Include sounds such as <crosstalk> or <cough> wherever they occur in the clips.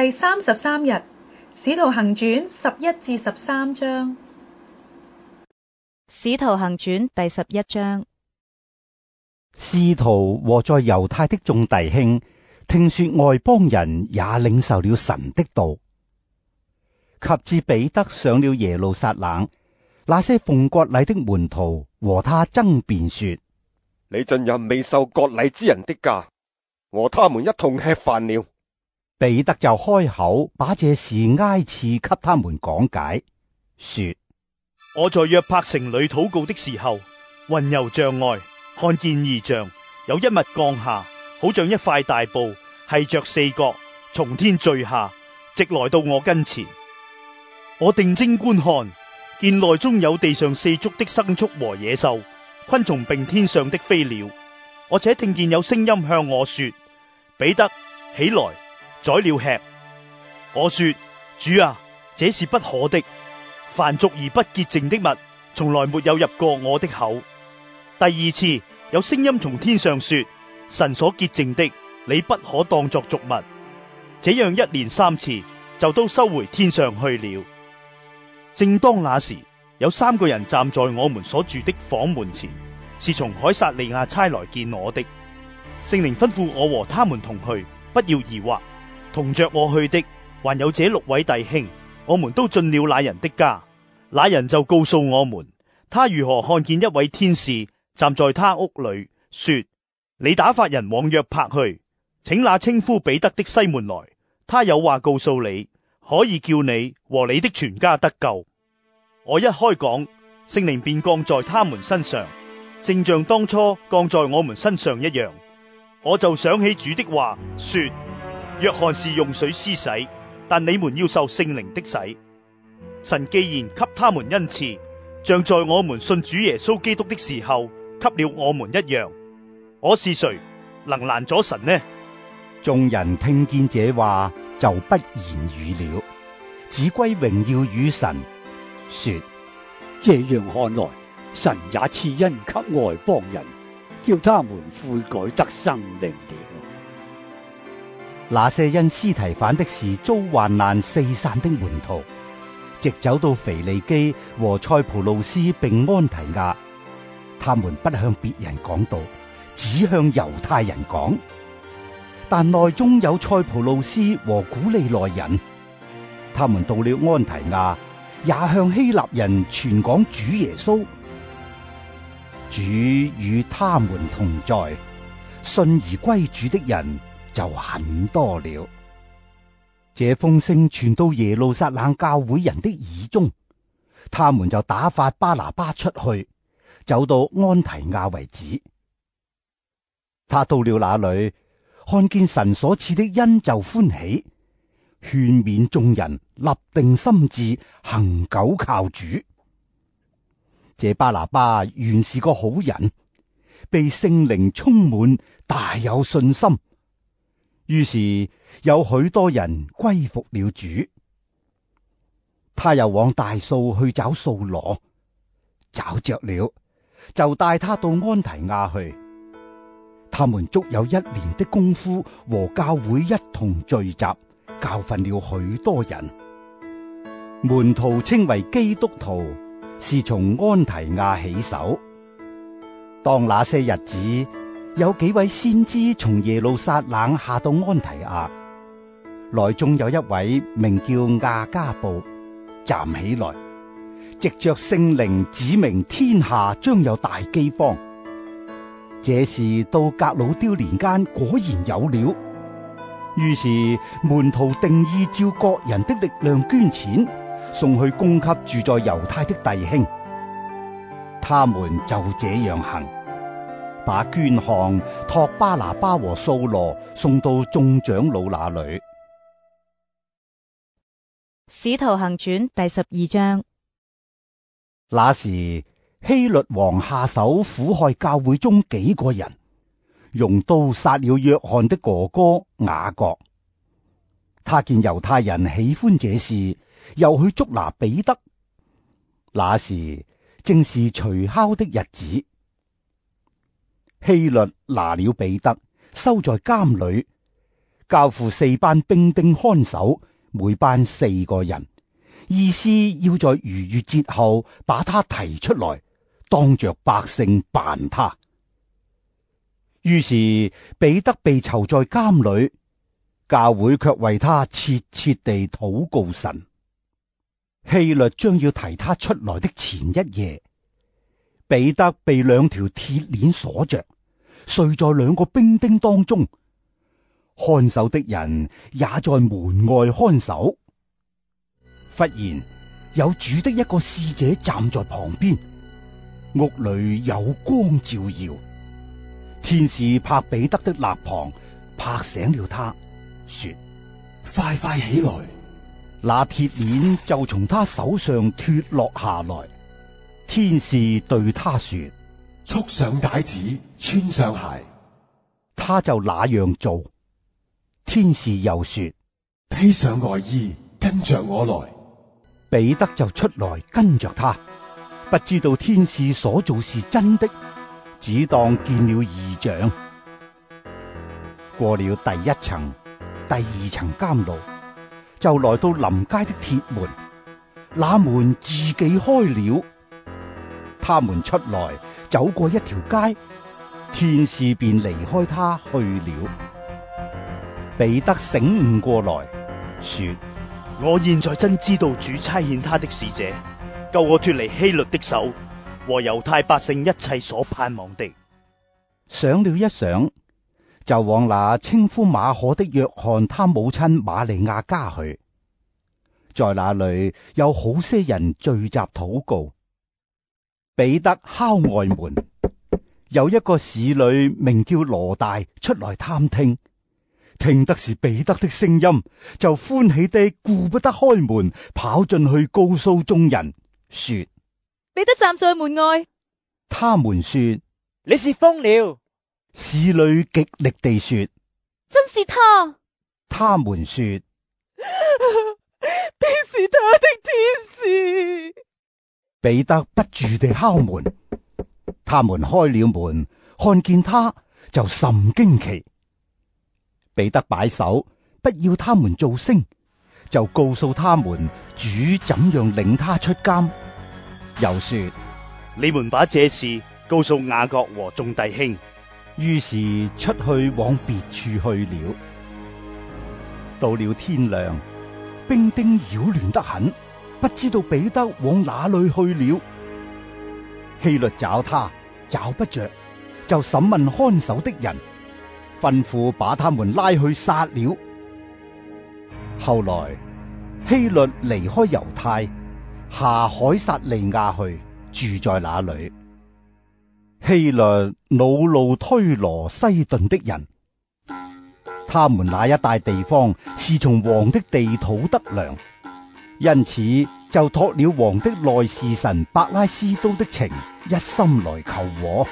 第三十三日，《使徒行傳》十一至十三章，《使徒行傳》第十一章。使徒和在猶太的眾弟兄，聽說外邦人也領受了神的道，及至彼得上了耶路撒冷，那些奉割禮的門徒和他爭辯說：你進入未受割禮之人的家，和他們一同吃飯了。彼得就開口，把這事挨次給他們講解，說：我在約帕城裏禱告的時候，魂遊象外，看見異象，有一物降下，好像一塊大布，繫着四角，從天墜下，直來到我跟前。我定睛觀看，見內中有地上四足的牲畜和野獸、昆蟲，並天上的飛鳥。我且聽見有聲音向我說：彼得，起來！宰了吃，我說主啊，這是不可的，凡俗而不潔淨的物，從來沒有入過我的口。第二次有聲音從天上說，神所潔淨的，你不可當作俗物。這樣一連三次，就都收回天上去了。正當那時，有三個人站在我們所住的房門前，是從凱撒利亞差來見我的。聖靈吩咐我和他們同去，不要疑惑。同着我去的，還有這六位弟兄，我們都進了那人的家。那人就告訴我們，他如何看見一位天使站在他屋裏，說：你打發人往約帕去，請那稱呼彼得的西門來，他有話告訴你，可以叫你和你的全家得救。我一開講，聖靈便降在他們身上，正像當初降在我們身上一樣。我就想起主的話，說。約翰是用水施洗，但你們要受聖靈的洗。神既然給他們恩賜，像在我們信主耶穌基督的時候給了我們一樣，我是誰能攔阻神呢？眾人聽見這話，就不言語了。只歸榮耀與神。說，這樣看來，神也賜恩給外邦人，叫他們悔改得生命了。那些因司提反的事遭患難四散的門徒，直走到腓尼基和塞浦路斯並安提亞。他們不向別人講道，只向猶太人講。但內中有塞浦路斯和古利奈人。他們到了安提亞，也向希臘人傳講主耶穌。主與他們同在，信而歸主的人。就很多了。這風聲傳到耶路撒冷教會人的耳中，他們就打發巴拿巴出去，走到安提亞為止。他到了那裏，看見神所賜的恩就歡喜，勸勉眾人立定心志，恆久靠主。這巴拿巴原是個好人，被聖靈充滿，大有信心。於是，有許多人歸服了主，他又往大數去找掃羅，找着了，就帶他到安提亞去。他們足有一年的功夫和教會一同聚集，教訓了許多人，門徒稱為基督徒，是從安提亞起手。當那些日子。有幾位先知從耶路撒冷下到安提阿，內中有一位名叫亞加布，站起來，藉着聖靈指明天下將有大饑荒。這事到格魯丟年間果然有了，於是門徒定意照各人的力量捐錢，送去供給住在猶太的弟兄，他們就這樣行。把捐項託巴拿巴和蘇羅送到眾長老那裏。《使徒行傳》第十二章。那時希律王下手苦害教會中幾個人，用刀殺了約翰的哥哥雅各。他見猶太人喜歡這事，又去捉拿彼得。那時正是除酵的日子。希律拿了彼得，收在監裏，交付四班兵丁看守，每班四個人，意思要在逾越節後把他提出來，當着百姓辦他。於是彼得被囚在監裏，教會卻為他切切地禱告神。希律將要提他出來的前一夜。彼得被兩條鐵鏈鎖着，睡在兩個兵丁當中。看守的人也在門外看守。忽然，有主的一個侍者站在旁邊，屋裏有光照耀。天使拍彼得的肋旁，拍醒了他，說：快快起來！那鐵鏈就從他手上脫落下來。天使對他說：束上帶子，穿上鞋，他就那樣做。天使又說：披上外衣，跟着我來。彼得就出來跟着他，不知道天使所做是真的，只當見了異象。過了第一層、第二層監牢，就來到臨街的鐵門，那門自己開了。他們出來走過一條街，天使便離開他去了。彼得醒悟過來，說：我現在真知道主差遣他的使者，救我脱離希律的手和猶太百姓一切所盼望的。想了一想，就往那稱呼馬可的約翰他母親馬利亞家去，在那裏有好些人聚集禱告。彼得敲外門，有一個使女名叫羅大出來探聽，聽得是彼得的聲音，就歡喜地顧不得開門，跑進去告訴眾人說：彼得站在門外，他們說：你是瘋了。使女極力地說：真是他。他們說：必 <laughs> 是他的天使。彼得不住地敲門，他們開了門，看見他就甚驚奇。彼得擺手，不要他們做聲，就告訴他們主怎樣領他出監。又說：你們把這事告訴雅各和眾弟兄。於是出去往別處去了。到了天亮，兵丁擾亂得很。不知道彼得往哪裏去了。希律找他找不着，就審問看守的人，吩咐把他們拉去殺了。後來希律離開猶太，下凱撒利亞去住在那裏。希律惱怒推羅西頓的人，他們那一帶地方是從王的地土得糧。因此就託了王的內侍臣伯拉斯都的情，一心來求和。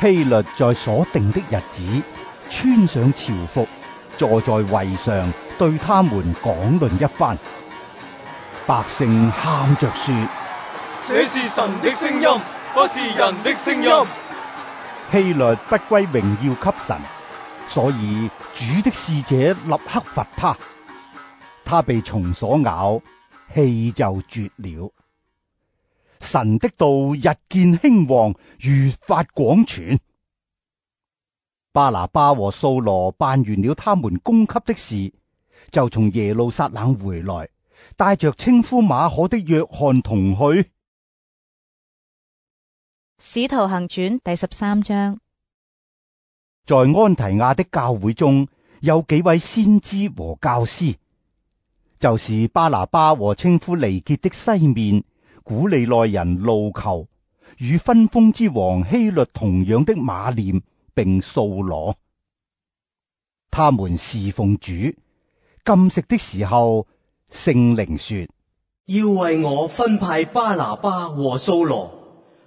希律在所定的日子穿上朝服，坐在位上，對他們講論一番。百姓喊着說：這是神的聲音，不是人的聲音。希律不歸榮耀給神，所以主的使者立刻罰他。他被蟲所咬，氣就絕了。神的道日見興旺，越發廣傳。巴拿巴和掃羅辦完了他們供給的事，就從耶路撒冷回來，帶着稱呼馬可的約翰同去。《使徒行傳》第十三章，在安提亞的教會中有幾位先知和教師。就是巴拿巴和稱呼尼結的西面、古利奈人路求、與分封之王希律同樣的馬念並掃羅，他們侍奉主禁食的時候，聖靈說：要為我分派巴拿巴和掃羅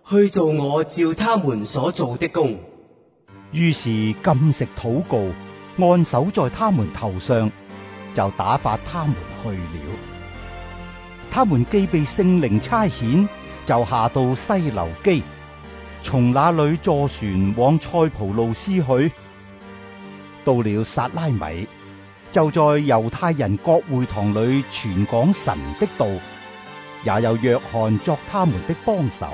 去做我照他們所做的工。於是禁食禱告，按手在他們頭上。就打發他們去了。他們既被聖靈差遣，就下到西流基，從那裏坐船往塞浦路斯去。到了撒拉米，就在猶太人各會堂裏傳講神的道，也有約翰作他們的幫手。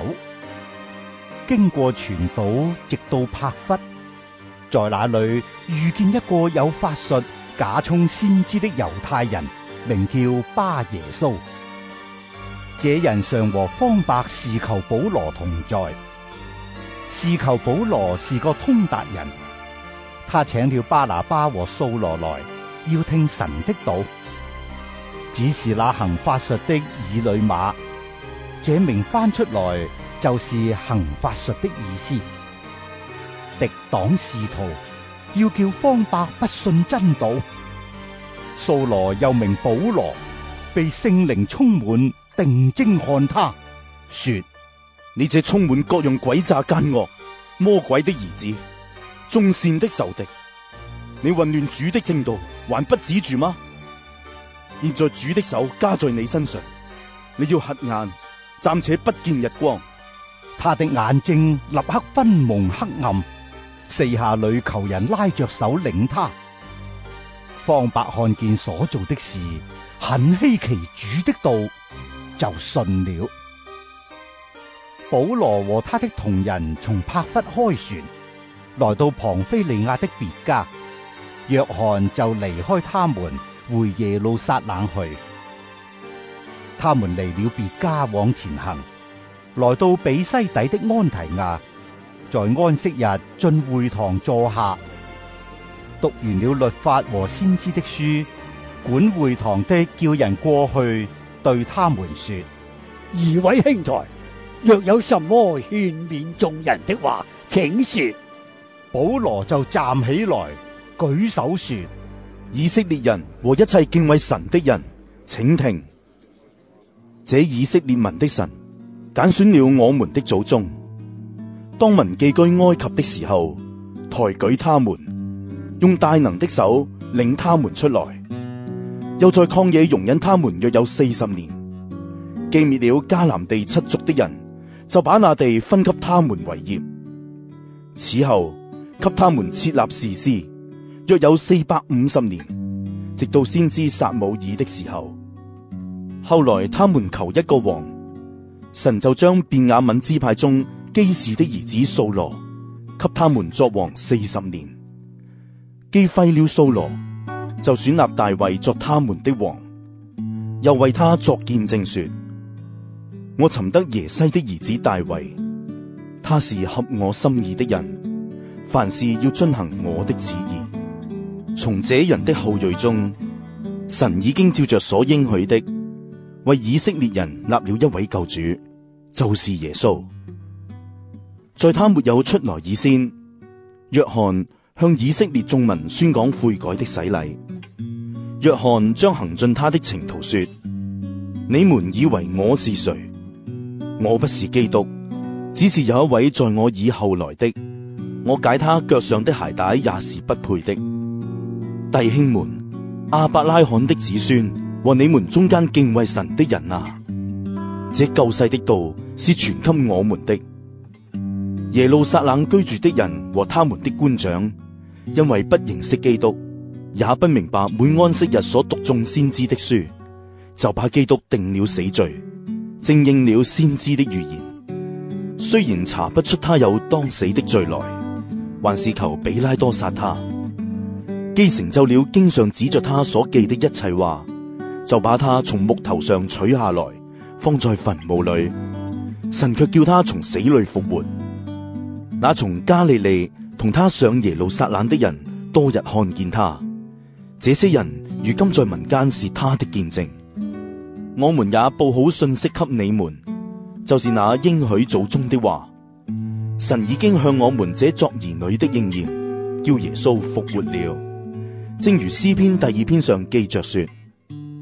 經過全島，直到帕弗，在那裏遇見一個有法術。假充先知的猶太人名叫巴耶穌，這人常和方伯士求保羅同在。士求保羅是個通達人，他請了巴拿巴和掃羅來，要聽神的道。只是那行法術的以呂馬，這名翻出來就是行法術的意思，敵擋使徒。要叫方伯不信真道，掃羅又名保羅，被聖靈充滿，定睛看他說：你這充滿各樣詭詐奸惡、魔鬼的兒子、眾善的仇敵，你混亂主的正道，還不止住嗎？現在主的手加在你身上，你要瞎眼，暫且不見日光。他的眼睛立刻昏蒙黑暗。四下裏求人拉着手領他，方伯看見所做的事，很希奇主的道，就信了。保羅和他的同人從帕弗開船，來到旁非利亞的別家，約翰就離開他們，回耶路撒冷去。他們離了別家往前行，來到比西底的安提亞。在安息日進會堂坐下，讀完了律法和先知的書，管會堂的叫人過去對他們說：二位兄台，若有什麼勸勉眾人的話，請說。保羅就站起來舉手說：以色列人和一切敬畏神的人，請聽。這以色列民的神揀選了我們的祖宗。當民寄居埃及的時候，抬舉他們，用大能的手領他們出來，又在曠野容忍他們約有四十年，既滅了迦南地七族的人，就把那地分給他們為業。此後給他們設立士師，約有四百五十年，直到先知撒母耳的時候。後來他們求一個王，神就將便雅憫支派中。基士的兒子掃羅給他們作王四十年，既廢了掃羅，就選立大衛作他們的王，又為他作見證說：我尋得耶西的兒子大衛，他是合我心意的人，凡事要遵行我的旨意。從這人的後裔中，神已經照着所應許的，為以色列人立了一位救主，就是耶穌。在他沒有出來以前，約翰向以色列眾民宣講悔改的洗禮。約翰將行進他的情途，說：你們以為我是誰？我不是基督，只是有一位在我以後來的。我解他腳上的鞋帶也是不配的。弟兄們，阿伯拉罕的子孫和你們中間敬畏神的人啊，這救世的道是傳給我們的。耶路撒冷居住的人和他們的官長，因為不認識基督，也不明白每安息日所讀眾先知的書，就把基督定了死罪，正應了先知的預言。雖然查不出他有當死的罪來，還是求彼拉多殺他。既成就了經上指着他所記的一切話，就把他從木頭上取下來，放在墳墓裏。神卻叫他從死裏復活。那從加利利同他上耶路撒冷的人多日看見他，這些人如今在民間是他的見證。我們也報好信息給你們，就是那應許祖宗的話。神已經向我們這作兒女的應驗，叫耶穌復活了。正如詩篇第二篇上記着說：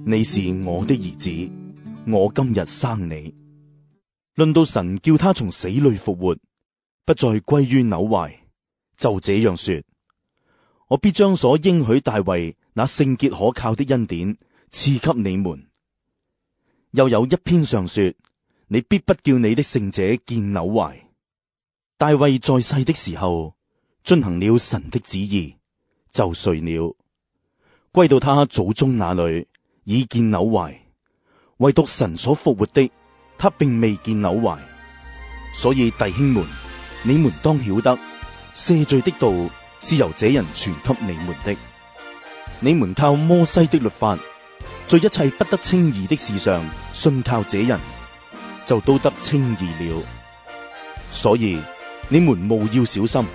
你是我的兒子，我今日生你。論到神叫他從死裏復活。不再歸於朽壞，就這樣說，我必將所應許大衛那聖潔可靠的恩典賜給你們。又有一篇上說，你必不叫你的聖者見朽壞。大衛在世的時候，遵行了神的旨意，就睡了，歸到他祖宗那裏，已見朽壞。唯獨神所復活的，他並未見朽壞。所以弟兄們，你們當曉得，赦罪的道是由這人傳給你們的。你們靠摩西的律法，在一切不得稱義的事上，信靠這人就都得稱義了。所以你們務要小心，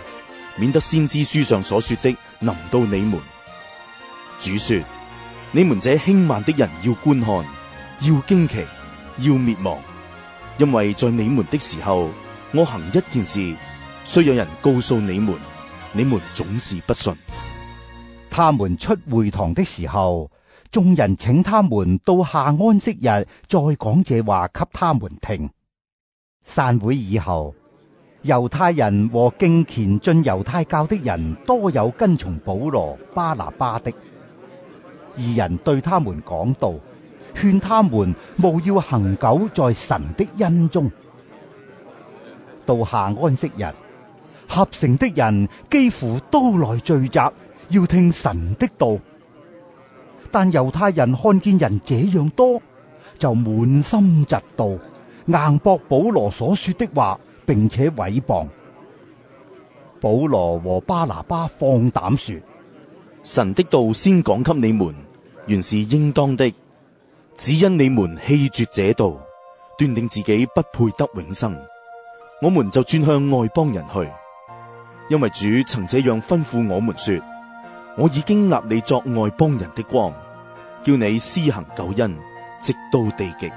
免得先知書上所說的臨到你們。主說：你們這輕慢的人要觀看，要驚奇，要滅亡，因為在你們的時候。我行一件事，雖有人告訴你們，你們總是不信。他們出會堂的時候，眾人請他們到下安息日再講這話給他們聽。散會以後，猶太人和敬虔進猶太教的人多有跟從保羅、巴拿巴的，二人對他們講道，勸他們務要恆久在神的恩中。到下安息日，合成的人幾乎都來聚集，要聽神的道。但猶太人看見人這樣多，就滿心嫉妒，硬駁保羅所說的話，並且毀謗。保羅和巴拿巴放膽說：神的道先講給你們，原是應當的。只因你們棄絕這道，斷定自己不配得永生。我們就轉向外邦人去，因為主曾這樣吩咐我們說：我已經立你作外邦人的光，叫你施行救恩，直到地極。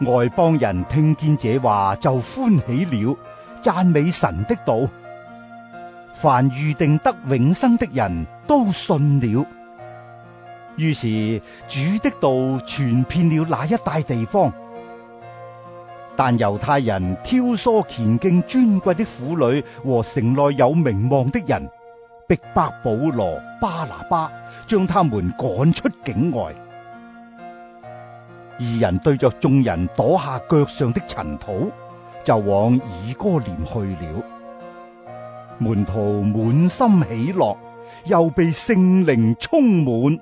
外邦人聽見這話就歡喜了，讚美神的道。凡預定得永生的人都信了，於是主的道傳遍了那一帶地方。但猶太人挑唆虔敬尊貴的婦女和城內有名望的人，逼迫保羅、巴拿巴將他們趕出境外。二人對着眾人跺下腳上的塵土，就往以哥念去了。門徒滿心喜樂，又被聖靈充滿。